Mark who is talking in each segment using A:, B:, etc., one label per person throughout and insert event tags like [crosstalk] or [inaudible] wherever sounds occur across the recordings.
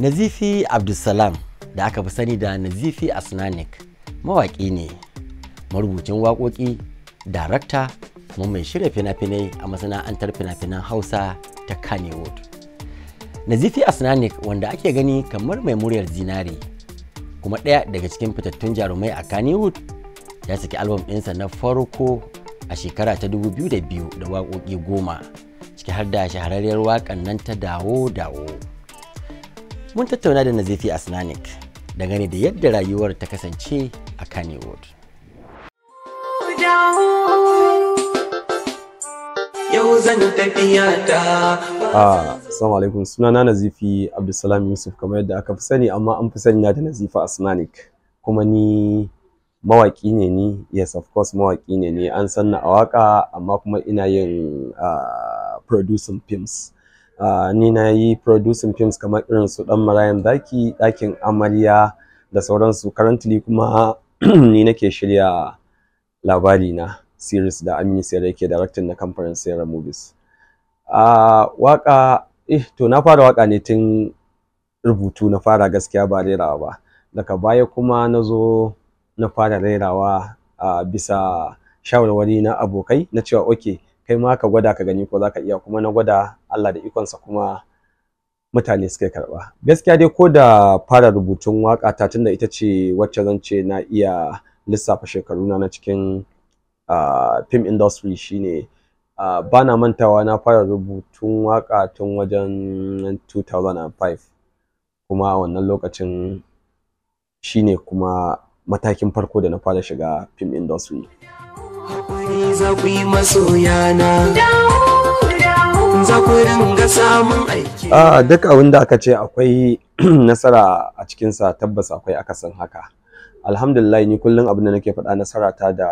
A: nazifi abdulsalam da aka fi sani da nazifi asnanik mawaƙi ne marubucin waƙoƙi darakta kuma mai shirya fina-finai a masana'antar fina-finan hausa ta kanewood nazifi asnanik wanda ake gani kamar mai muryar zinari kuma ɗaya daga cikin fitattun jarumai a kanewood ya saki albam ɗinsa na farko a shekara ta 2002 da waƙoƙi goma ciki har da shahararriyar waƙan nan ta dawo dawo mun tattauna da nazifi asnanik dangane da yadda rayuwar ta kasance a kannywood yau zan tafiya ta na ah, alaikum nazifi abdulsalam yusuf kamar yadda aka fi sani amma an fi sani na da nazifa asnanik kuma ni mawaƙi ne ni yes of course mawaƙi ne ni an sanna a waƙa amma kuma ina yin uh, producing films ni na yi producing films kamar irin su dan marayan zaki dakin amarya da sauransu currently kuma [clears throat] ni nake shirya labari na series da Amini Sayar yake directing na kamfanin Sayar Movies a waka eh to na fara waka ne tun rubutu na fara gaskiya ba rerawa ba daga baya kuma nazo na fara rairawa a bisa shawarwari na abokai na cewa okay kai ma ka gwada ka gani ko za ka iya kuma na gwada Allah da ikonsa kuma mutane suka karba gaskiya dai ko da fara rubutun waka ta tunda ita ce wacce zan ce na iya lissafa shekaru na cikin uh, film industry shine uh, na mantawa na fara rubutun waka tun wajen 2005 kuma wannan lokacin shine kuma matakin farko da na fara shiga film industry a duk abin da aka ce akwai [clears throat] nasara a cikinsa tabbas akwai akasin haka alhamdulillah ni kullum abin da nake faɗa nasara ta da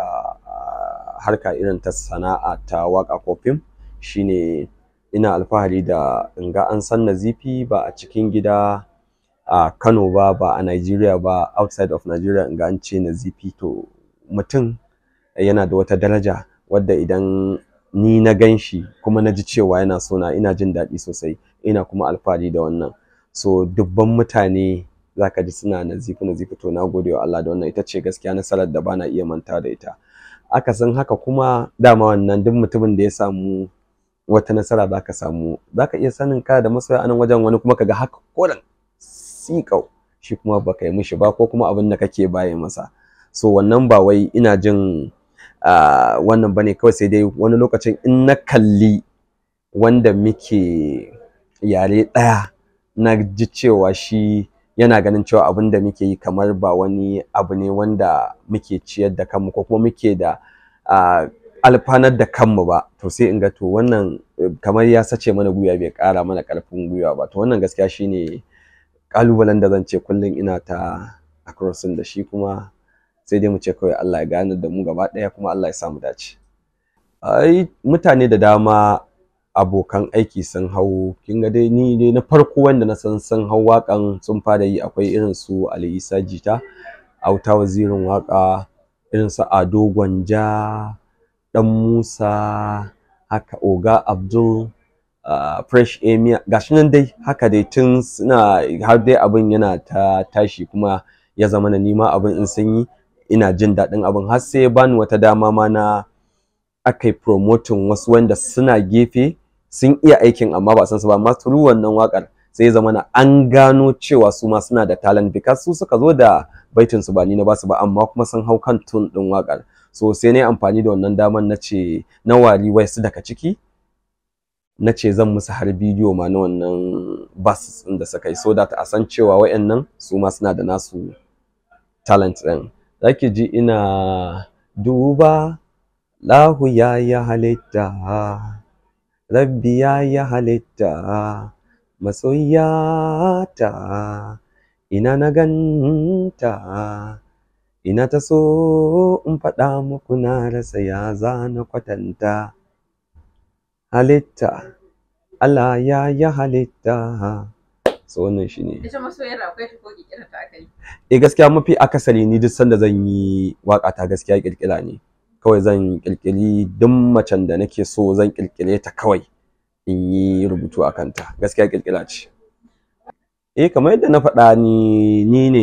A: harka irin ta sana'a ta waka ko fim shine ina alfahari da in ga an san nazifi ba a cikin gida a Kano ba ba a Nigeria ba outside of Nigeria in ga an ce nazifi to mutum yana da wata daraja wadda idan ni na gan shi kuma na ji cewa yana sona ina jin daɗi sosai ina kuma alfahari da wannan so dubban mutane zaka ji suna nazifu nazifu to na gode wa Allah da wannan ita ce gaskiya nasarar da bana iya manta da ita akasin haka kuma dama wannan duk mutumin da ya samu wata nasara ka samu zaka iya sanin ka da masoya anan wajen wani kuma kaga haka koran sikau shi kuma baka yi mishi ba ko kuma abin da kake baye masa so wannan ba wai ina jin wannan bane kawai sai dai wani lokacin in na kalli wanda muke yare ɗaya na ji cewa shi yana ganin cewa abin da muke yi kamar ba wani abu ne wanda muke ciyar da kanmu ko kuma muke da alfanar da kanmu ba to sai in ga to wannan eh, kamar ya sace mana guya bai ƙara mana ƙarfin guyawa ba to wannan gaskiya shine ƙalubalen da zan ce kullum ina ta a crossing da shi kuma sai dai mu ce kawai Allah ya gane da mu gaba ɗaya kuma Allah ya sa mu dace ai mutane da dama abokan aiki sun hau kin ga dai ni ne na farko wanda na san sun hau wakan sun fara yi akwai irin su Ali Isa Jita auta wazirin waka irin su Ado Gwanja Dan Musa haka Oga Abdul Uh, fresh emia gashi nan dai haka dai tun suna har dai abin yana ta tashi kuma ya zama na nima abin in yi. ina jin daɗin abin har sai ya bani wata dama ma na akai promoting wasu wanda suna gefe sun iya aikin amma ba san su ba amma through wannan wakar sai ya zama na an gano cewa su ma suna da talent because su suka zo da baitin su ba ni na basu ba amma kuma sun hau kan tun din wakar so sai na amfani da wannan daman na ce na wari wai su daga ciki na ce zan musu har bidiyo ma na wannan bas inda da suka yi so that a san cewa wayannan su ma suna da nasu talent ɗin zaki ji ina duba lahu ya yi halitta rabbi ya yi halitta masoyata ina na ganta ina ta so in faɗa muku na rasa ya za na kwatanta halitta Allah ya yi halitta so wannan ita masoyar akwai ta ko kirkira ta kai eh gaskiya mafi akasari ni duk sanda zan yi waka ta gaskiya kirkira ne kawai zan kirkiri duk macen da nake so zan kirkire ta kawai in yi rubutu a kanta gaskiya kirkira ce eh kamar yadda na faɗa ni ni ne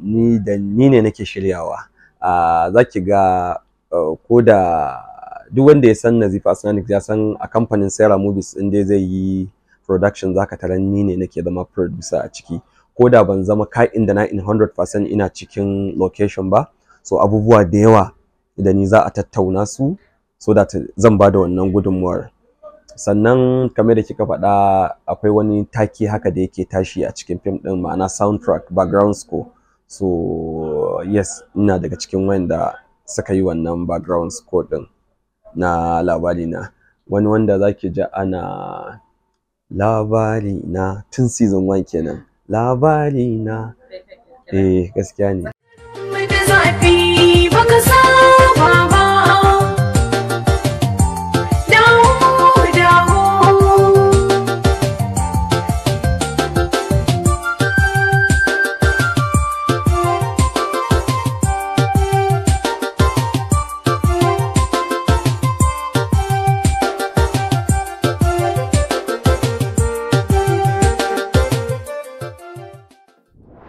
A: ni da ni ne nake shiryawa a zaki ga ko da duk wanda ya san Nazifa Asnanik ya san a kamfanin Sarah Movies inda zai yi production zaka taran ni ne nake zama producer a ciki ko da ban zama in da na in 100% ina cikin location ba so abubuwa da yawa da ni za a tattauna su so that zan bada wannan gudunmuwar sannan kamar da kika faɗa akwai wani taki haka da yake tashi a cikin fim ɗin ma'ana soundtrack background score so yes ina daga cikin wanda suka yi wannan background score ɗin na labari na wani wanda zaki ji ana labari na tun season one kenan labari na eh gaskiya ne